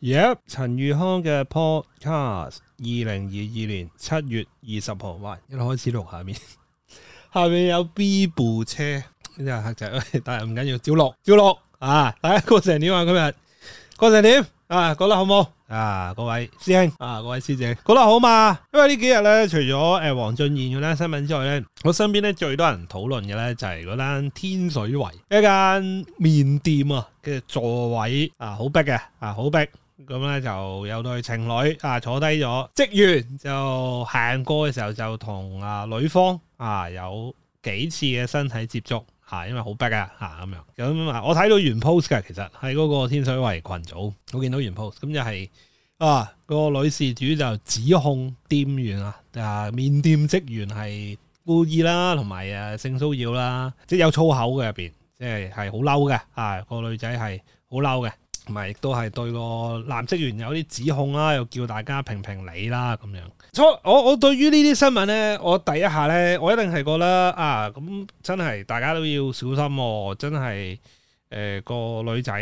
耶！陳宇康嘅 podcast，二零二二年七月二十號，哇！一開始錄下面，下面有 B 部車，呢啲係黑仔。但係唔緊要，照錄，照錄啊！大家過成點啊？今日過成點啊？過得好冇啊？各位師兄啊，各位師姐，過得好嘛？因為呢幾日咧，除咗誒黃俊彥嗰單新聞之外咧，我身邊咧最多人討論嘅咧就係嗰單天水圍一間麵店啊嘅座位啊，好逼嘅啊，好逼。啊。咁咧就有對情侶啊坐低咗，職員就行過嘅時候就同啊女方啊有幾次嘅身體接觸，吓、啊，因為好逼啊，吓、啊、咁樣。咁啊，我睇到原 post 噶，其實喺嗰個天水圍群組，我見到原 post，咁就係啊、個女事主就指控店員啊啊麵店職員係故意啦，同埋啊性騷擾啦，即係有粗口嘅入邊，即係係好嬲嘅，啊、個女仔係好嬲嘅。同埋亦都係對個男職員有啲指控啦，又叫大家評評理啦咁樣。So，我我我對於呢啲新聞呢，我第一下呢，我一定係覺得啊，咁、嗯、真係大家都要小心喎，真係。誒，呃，那個女仔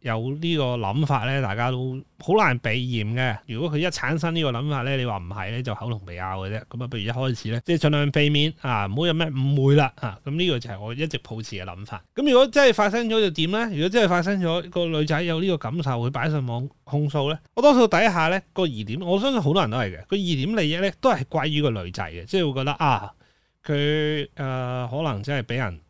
有個呢個諗法咧，大家都好難避嫌嘅。如果佢一產生個呢個諗法咧，你話唔係咧，就口同鼻拗嘅啫。咁、嗯、啊，不如一開始咧，即係盡量避免，啊，唔好有咩誤會啦。吓、啊，咁呢個就係我一直抱持嘅諗法。咁如果真係發生咗就點咧？如果真係發生咗，個女仔有呢個感受，會擺上網控訴咧，我多數底下咧個疑點，我相信好多人都係嘅。個疑點利益咧，都係歸於個女仔嘅，即係會覺得啊，佢誒、呃、可能真係俾人。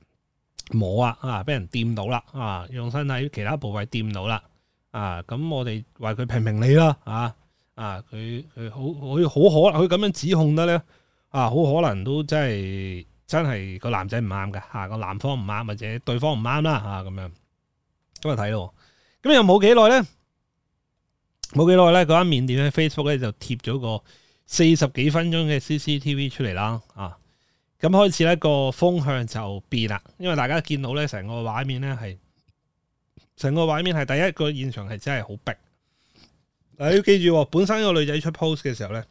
冇啊啊，俾人掂到啦啊！用身體其他部位掂到啦啊！咁我哋為佢評評理啦啊！啊，佢佢好佢好可能佢咁樣指控得咧啊！好可能都真係真係個、啊、男仔唔啱噶吓，個、啊、男方唔啱或者對方唔啱啦吓咁樣咁啊睇咯，咁又冇幾耐咧，冇幾耐咧嗰間麵店喺 Facebook 咧就貼咗個四十幾分鐘嘅 CCTV 出嚟啦啊！咁開始呢個風向就變啦，因為大家見到咧成個畫面咧係，成個畫面係第一個現場係真係好逼。你要記住，本身呢個女仔出 post 嘅時候咧，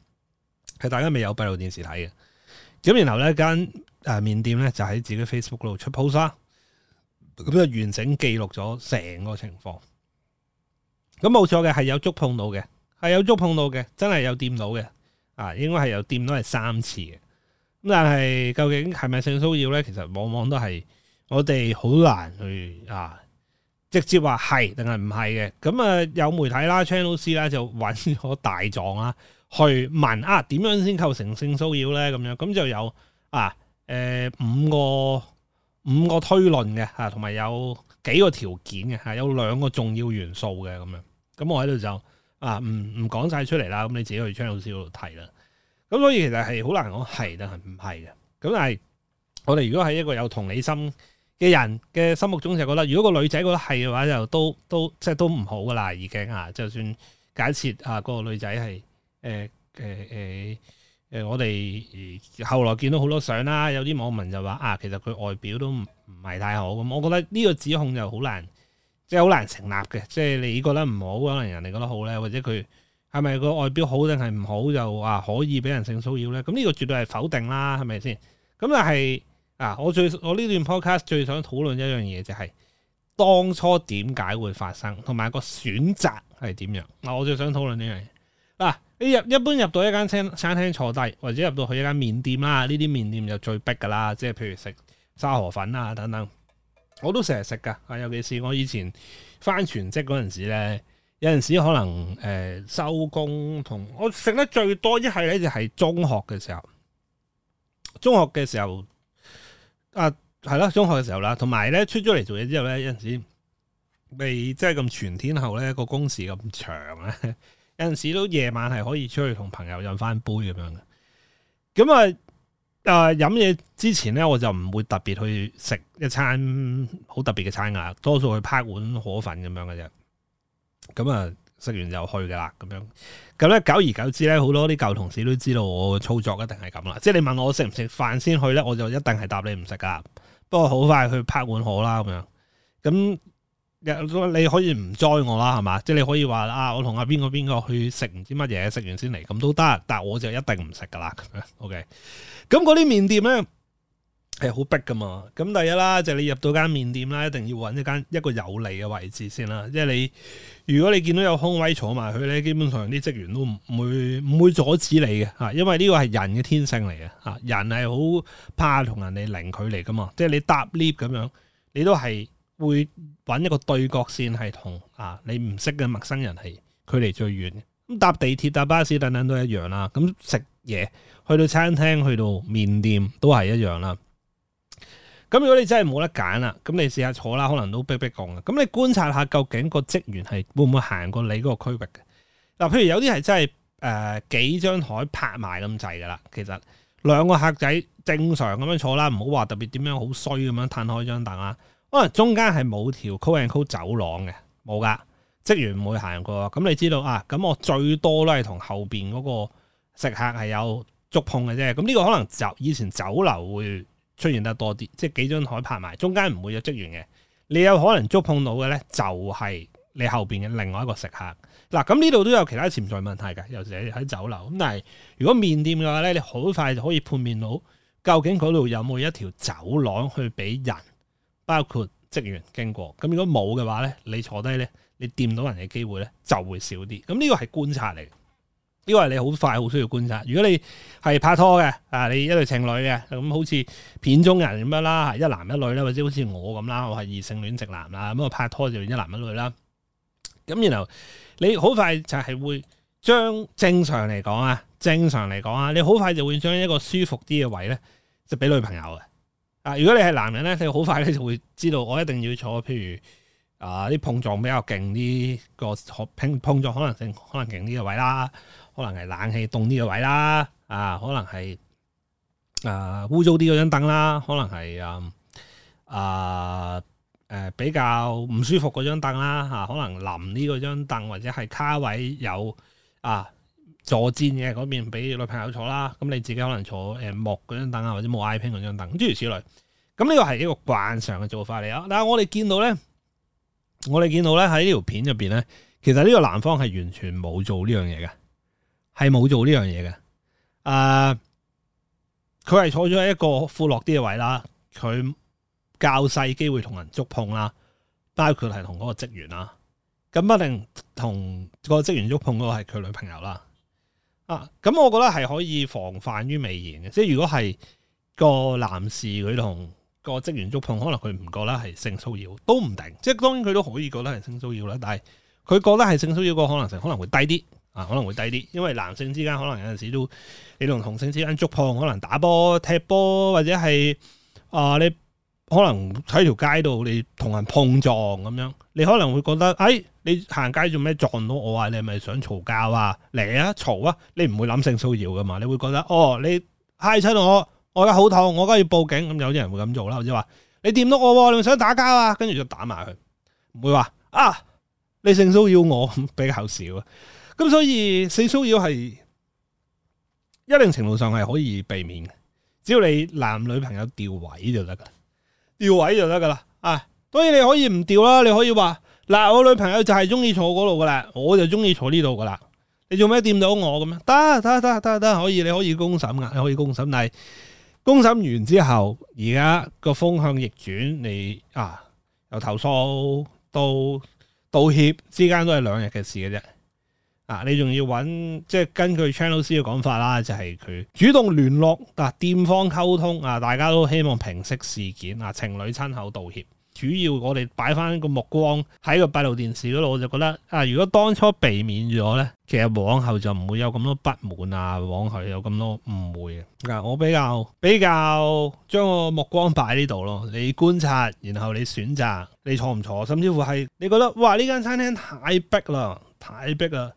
係大家未有閉路電視睇嘅。咁然後呢間誒麵店咧就喺自己 Facebook 度出 post 啦，咁就完整記錄咗成個情況。咁冇錯嘅係有觸碰到嘅，係有觸碰到嘅，真係有掂到嘅。啊，應該係有掂到係三次嘅。咁但係究竟係咪性騷擾咧？其實往往都係我哋好難去啊直接話係定係唔係嘅。咁啊有媒體啦，Channel C 啦就揾咗大狀啦去問啊，點樣先構成性騷擾咧？咁樣咁就有啊誒、呃、五個五個推論嘅吓，同、啊、埋有幾個條件嘅吓、啊，有兩個重要元素嘅咁樣。咁、啊、我喺度就啊唔唔講晒出嚟啦。咁你自己去 Channel C 嗰度睇啦。咁所以其實係好難講係但係唔係嘅。咁但係我哋如果係一個有同理心嘅人嘅心目中就係覺得，如果個女仔覺得係嘅話，就都都即係都唔好噶啦，已經啊。就算假設啊，個女仔係誒誒誒誒，我哋後來見到好多相啦，有啲網民就話啊，其實佢外表都唔唔係太好咁。我覺得呢個指控就好難，即係好難成立嘅。即係你覺得唔好，可能人哋覺得好咧，或者佢。係咪個外表好定係唔好就話可以俾人性騷擾咧？咁、嗯、呢、這個絕對係否定啦，係咪先？咁但係啊，我最我呢段 podcast 最想討論一樣嘢就係、是、當初點解會發生，同埋個選擇係點樣嗱？我最想討論呢樣嘢嗱，一、啊、入一般入到一間餐餐廳坐低，或者入到去一間麵店啦，呢啲麵店就最逼噶啦，即係譬如食沙河粉啊等等，我都成日食噶，尤其是我以前返全職嗰陣時咧。有陣時可能誒收工同我食得最多一係咧就係中學嘅時候，中學嘅時候啊係咯中學嘅時候啦，同埋咧出咗嚟做嘢之後咧有陣時未即係咁全天候咧個工時咁長咧，有陣時都夜晚係可以出去同朋友飲翻杯咁樣嘅。咁啊誒飲嘢之前咧我就唔會特別去食一餐好特別嘅餐啊，多數去拍碗河粉咁樣嘅啫。咁啊，食完就去噶啦，咁樣。咁咧久而久之咧，好多啲舊同事都知道我操作一定係咁啦。即係你問我食唔食飯先去咧，我就一定係答你唔食噶。不過好快去拍碗河啦，咁樣。咁你可以唔載我啦，係嘛？即係你可以話啊，我同阿邊個邊個去食唔知乜嘢，食完先嚟咁都得。但我就一定唔食噶啦。咁樣，OK。咁嗰啲麵店咧係好逼噶嘛。咁第一啦，就係你入到間麵店啦，一定要搵一間一個有利嘅位置先啦，即係你。如果你見到有空位坐埋佢呢，基本上啲職員都唔會唔會阻止你嘅嚇，因為呢個係人嘅天性嚟嘅嚇，人係好怕同人哋零距離噶嘛，即係你搭 lift 咁樣，你都係會揾一個對角線係同啊你唔識嘅陌生人係距離最遠。咁搭地鐵、搭巴士等等都一樣啦。咁食嘢，去到餐廳、去到麵店都係一樣啦。咁如果你真係冇得揀啦，咁你試下坐啦，可能都逼逼講嘅。咁你觀察下，究竟個職員係會唔會行過你嗰個區域嘅？嗱、呃，譬如有啲係真係誒、呃、幾張台拍埋咁滯嘅啦。其實兩個客仔正常咁樣坐啦，唔好話特別點樣好衰咁樣攤開張凳啦。可能中間係冇條 call and call 走廊嘅，冇噶。職員唔會行過。咁你知道啊？咁我最多都係同後邊嗰個食客係有觸碰嘅啫。咁呢個可能就以前酒樓會出現得多啲，即係幾張枱拍埋，中間唔會有職員嘅。你有可能觸碰到嘅呢，就係你後邊嘅另外一個食客。嗱、啊，咁呢度都有其他潛在問題㗎，尤其是喺酒樓。咁但係如果麵店嘅話呢，你好快就可以判斷到究竟嗰度有冇一條走廊去俾人包括職員經過。咁如果冇嘅話呢，你坐低呢，你掂到人嘅機會呢就會少啲。咁呢個係觀察嚟。因為你好快好需要觀察，如果你係拍拖嘅，啊你一對情侶嘅，咁好似片中人咁樣啦，一男一女啦，或者好似我咁啦，我係異性戀直男啦，咁我拍拖就一男一女啦。咁然後你好快就係會將正常嚟講啊，正常嚟講啊，你好快就會將一個舒服啲嘅位呢，即係俾女朋友嘅。啊，如果你係男人呢，你好快呢就會知道我一定要坐，譬如。啊！啲碰撞比較勁啲、這個可拼碰撞可能性可能勁啲嘅位啦，可能係冷氣凍啲嘅位啦，啊可能係啊污糟啲嗰張凳啦，可能係啊啊誒、呃呃呃、比較唔舒服嗰張凳啦，啊可能臨呢嗰張凳或者係卡位有啊坐墊嘅嗰邊俾女朋友坐啦，咁、啊嗯、你自己可能坐誒木嗰張凳啊或者冇 ipen 嗰張凳，諸如此類。咁、啊、呢、這個係一個慣常嘅做法嚟啊！但係我哋見到咧。我哋見到咧，喺呢條片入邊咧，其實呢個男方係完全冇做呢樣嘢嘅，係冇做呢樣嘢嘅。誒、呃，佢係坐咗喺一個闊落啲嘅位啦，佢較細機會同人觸碰啦，包括係同嗰個職員啦，咁不一定同個職員觸碰嗰個係佢女朋友啦。啊，咁我覺得係可以防範於未然嘅，即係如果係個男士佢同。個職員觸碰，可能佢唔覺得係性騷擾都唔定，即係當然佢都可以覺得係性騷擾啦，但係佢覺得係性騷擾個可能性可能會低啲啊，可能會低啲，因為男性之間可能有陣時都你同同性之間觸碰，可能打波、踢波或者係啊、呃，你可能喺條街度你同人碰撞咁樣，你可能會覺得哎，你行街做咩撞到我啊？你係咪想嘈交啊？嚟啊嘈啊！你唔會諗性騷擾㗎嘛？你會覺得哦，你揩親我。我而家好痛，我而家要報警，咁、嗯、有啲人會咁做啦，或者話你掂到我，你咪想打交啊，跟住就打埋佢，唔會話啊你性騷擾我 比較少啊，咁所以性騷擾係一定程度上係可以避免嘅，只要你男女朋友調位就得噶啦，調位就得噶啦，啊，所以你可以唔調啦，你可以話嗱、啊、我女朋友就係中意坐嗰度噶啦，我就中意坐呢度噶啦，你做咩掂到我咁啊？得得得得得，可以，你可以公審噶，你可以公審，但係。公審完之後，而家個風向逆轉，你啊由投訴到道歉之間都係兩日嘅事嘅啫。啊，你仲要揾即係根據 Channel C 老師嘅講法啦，就係、是、佢主動聯絡嗱、啊、店方溝通啊，大家都希望平息事件啊，情侶親口道歉。主要我哋擺翻個目光喺個閉路電視嗰度，我就覺得啊，如果當初避免咗呢，其實往後就唔會有咁多不滿啊，往後有咁多誤會嘅。我比較比較將個目光擺喺呢度咯，你觀察，然後你選擇，你坐唔坐，甚至乎係你覺得哇，呢間餐廳太逼啦，太逼啦，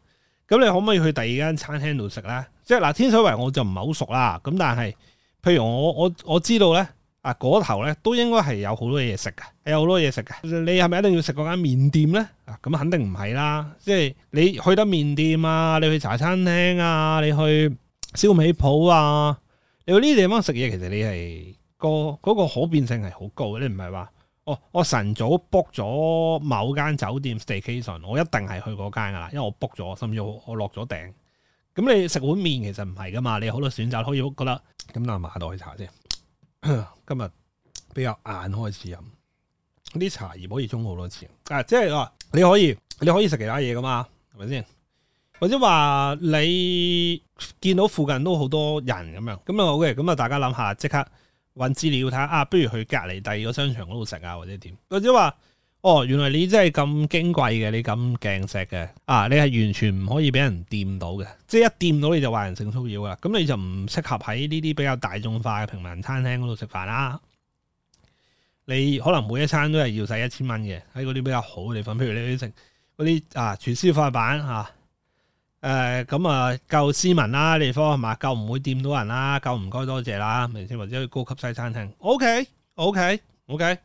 咁你可唔可以去第二間餐廳度食呢？即係嗱，天水圍我就唔係好熟啦，咁但係，譬如我我我知道呢。啊，嗰、那個、頭咧都應該係有好多嘢食㗎，有好多嘢食㗎。你係咪一定要食嗰間麵店咧？咁、啊、肯定唔係啦。即係你去得麵店啊，你去茶餐廳啊，你去燒味鋪啊，你去呢啲地方食嘢，其實你係個嗰個可變性係好高。你唔係話，哦，我晨早 book 咗某間酒店 staycation，我一定係去嗰間噶啦，因為我 book 咗，甚至我落咗訂。咁你食碗麵其實唔係噶嘛，你有好多選擇可以覺得。咁嗱、嗯，下度去查先。今日比較晏開始飲啲茶葉，可以沖好多次。啊，即係話、啊、你可以，你可以食其他嘢噶嘛，係咪先？或者話你見到附近都好多人咁樣，咁啊好嘅，咁啊大家諗下，即刻揾資料睇下，啊，不如去隔籬第二個商場嗰度食啊，或者點？或者話。哦，原來你真係咁矜貴嘅，你咁鏡石嘅，啊，你係完全唔可以俾人掂到嘅，即係一掂到你就話人性騷擾啦，咁你就唔適合喺呢啲比較大眾化嘅平民餐廳嗰度食飯啦。你可能每一餐都係要使一千蚊嘅，喺嗰啲比較好嘅地方，譬如你去食嗰啲啊，廚師塊板啊，誒、呃，咁啊，夠斯文啦，地方係嘛，夠唔會掂到人啦，夠唔該多謝啦，明星或者去高級西餐廳，ok，ok，ok，、okay, okay, okay.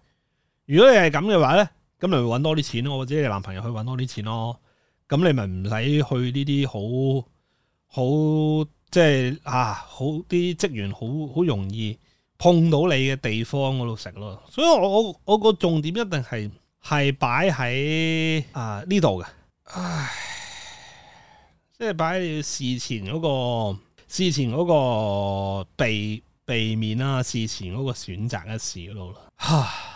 如果你係咁嘅話咧。咁你搵多啲錢咯，或者你男朋友去搵多啲錢咯。咁你咪唔使去呢啲好好即係啊，好啲職員好好容易碰到你嘅地方嗰度食咯。所以我我我個重點一定係係擺喺啊呢度嘅，唉，即係擺喺事前嗰個事前嗰個避避免啦，事前嗰個選擇嘅事嗰度啦，哈。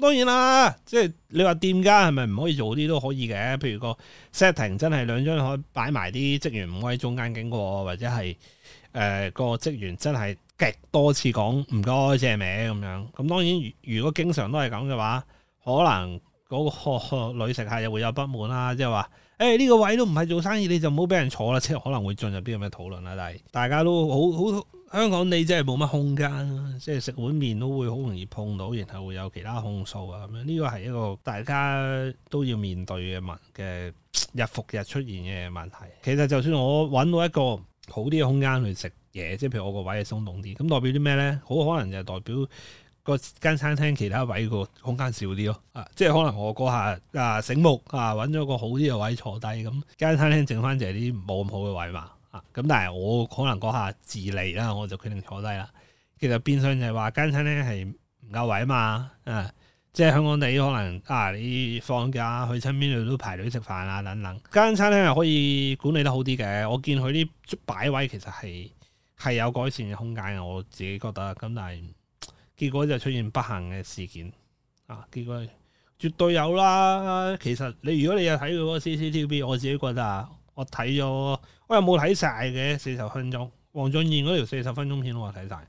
當然啦，即係你話店家係咪唔可以做啲都可以嘅？譬如個 setting 真係兩張枱擺埋啲職員唔可以喺中間經過，或者係誒、呃那個職員真係極多次講唔該借名咁樣。咁、嗯、當然如，如果經常都係咁嘅話，可能嗰、那個女食客又會有不滿啦，即係話。誒，呢個位都唔係做生意，你就唔好俾人坐啦。即係可能會進入啲咁咩討論啦。但係大家都好好，香港你真係冇乜空間啦。即係食碗麵都會好容易碰到，然後會有其他控訴啊咁樣。呢個係一個大家都要面對嘅問嘅日復日出現嘅問題。其實就算我搵到一個好啲嘅空間去食嘢，即係譬如我個位係鬆動啲，咁代表啲咩呢？好可能就代表。個間餐廳其他位個空間少啲咯，啊，即係可能我嗰下啊醒目啊揾咗個好啲嘅位坐低，咁、嗯、間餐廳剩翻就係啲冇咁好嘅位嘛，啊，咁但係我可能嗰下自利啦，我就決定坐低啦。其實變相就係話間餐廳係唔夠位啊嘛，啊，即係香港地可能啊你放假去親邊度都排隊食飯啊等等，間餐廳係可以管理得好啲嘅，我見佢啲擺位其實係係有改善嘅空間嘅，我自己覺得咁、嗯，但係。結果就出現不幸嘅事件啊！結果絕對有啦。其實你如果你有睇過嗰個 CCTV，我自己覺得我睇咗，我又冇睇晒嘅四十分鐘。黃俊燕嗰條四十分鐘片我睇晒，條片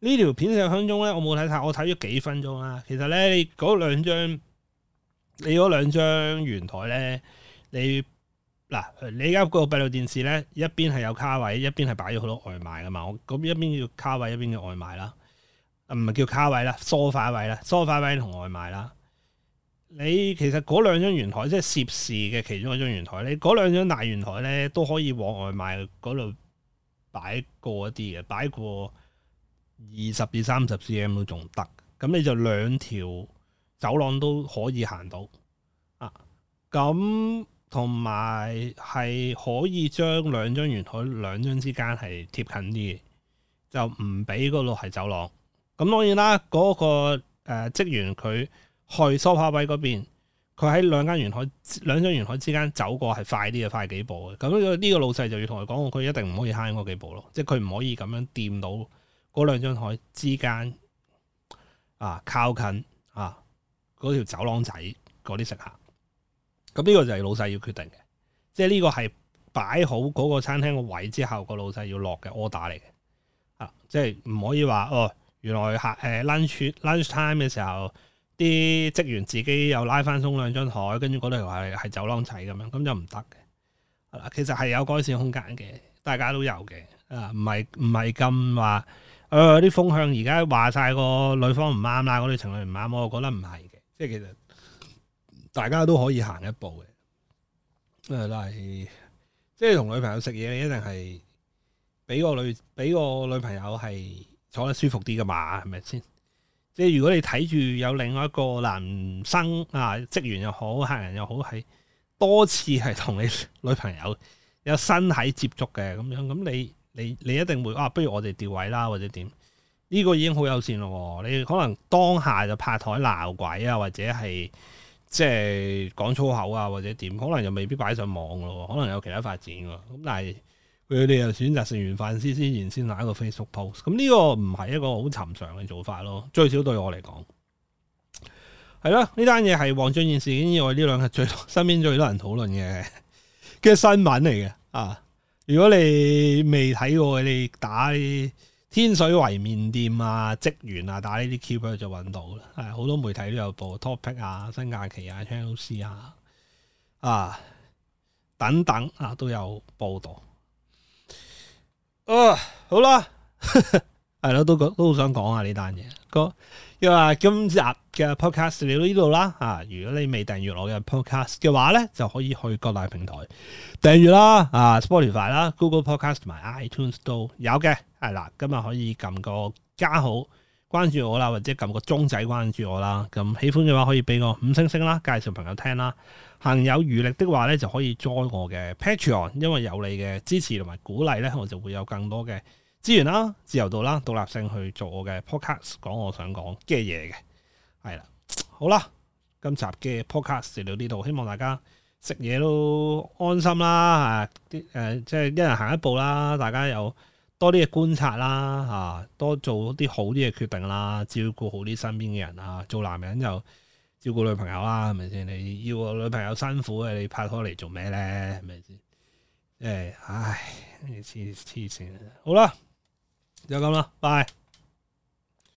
呢條片四十分鐘咧我冇睇晒，我睇咗幾分鐘啦。其實咧嗰兩張你嗰兩張圓台咧，你嗱你而家嗰個閉路電視咧，一邊係有卡位，一邊係擺咗好多外賣噶嘛。我咁一邊叫卡位，一邊叫外賣啦。啊，唔係叫卡位啦，梳化位啦，梳化位同外賣啦。你其實嗰兩張圓台，即係涉事嘅其中一張圓台，你嗰兩張大圓台咧都可以往外賣嗰度擺過一啲嘅，擺過二十至三十 cm 都仲得。咁你就兩條走廊都可以行到啊。咁同埋係可以將兩張圓台兩張之間係貼近啲嘅，就唔俾嗰度係走廊。咁當然啦，嗰、那個誒、呃、職員佢去梳化位嗰邊，佢喺兩間沿海兩張沿海之間走過係快啲嘅，快幾步嘅。咁呢個老細就要同佢講，佢一定唔可以慳嗰幾步咯，即係佢唔可以咁樣掂到嗰兩張台之間啊，靠近啊嗰條走廊仔嗰啲食客。咁、啊、呢個就係老細要決定嘅，即係呢個係擺好嗰個餐廳個位之後，個老細要落嘅 order 嚟嘅啊，即係唔可以話哦。原來客誒 lunch lunch time 嘅時候，啲職員自己又拉返鬆兩張檯，跟住嗰度係係走廊砌咁樣，咁就唔得嘅。係啦，其實係有改善空間嘅，大家都有嘅。啊，唔係唔係咁話。誒，啲、呃、風向而家話晒個女方唔啱啦，嗰對情侶唔啱，我覺得唔係嘅。即係其實大家都可以行一步嘅。誒，例如即係同女朋友食嘢，一定係俾個女俾個女朋友係。坐得舒服啲噶嘛，係咪先？即係如果你睇住有另外一個男生啊，職員又好，客人又好，係多次係同你女朋友有身體接觸嘅咁樣，咁你你你一定會啊，不如我哋調位啦，或者點？呢、這個已經好有線咯，你可能當下就拍台鬧鬼啊，或者係即係講粗口啊，或者點？可能又未必擺上網咯，可能有其他發展喎。咁但係。佢哋又選擇食完飯先先然先打一個 Facebook post，咁呢個唔係一個好尋常嘅做法咯。最少對我嚟講，係咯，呢單嘢係黃俊賢事件以外，呢兩日最身邊最多人討論嘅嘅新聞嚟嘅啊！如果你未睇過，你打天水圍麵店啊，職員啊，打呢啲 keep 就搵到啦，好、啊、多媒體都有報 topic 啊，新假期啊、Channel C 啊啊等等啊都有報導。哦，uh, 好啦，係 咯、嗯，都覺都好想講下呢單嘢。哥，因為今日嘅 podcast 嚟到呢度啦。啊，如果你未訂閱我嘅 podcast 嘅話咧，就可以去各大平台訂閱啦。啊，Spotify 啦，Google Podcast 同埋 iTunes Store。有嘅。係啦，今日可以撳個加號。好關注我啦，或者撳個鐘仔關注我啦。咁喜歡嘅話，可以俾我五星星啦，介紹朋友聽啦。行有餘力的話咧，就可以 join 我嘅 Patreon，因為有你嘅支持同埋鼓勵咧，我就會有更多嘅資源啦，自由度啦，獨立性去做我嘅 podcast，講我想講嘅嘢嘅。係啦，好啦，今集嘅 podcast 就到呢度，希望大家食嘢都安心啦。啊，誒、呃，即係一人行一步啦，大家有。多啲嘅觀察啦，吓多做啲好啲嘅決定啦，照顧好啲身邊嘅人啊！做男人就照顧女朋友啦，係咪先？你要個女朋友辛苦嘅，你拍拖嚟做咩咧？係咪先？誒、哎，唉、哎，你黐黐線，好啦，就咁啦，拜。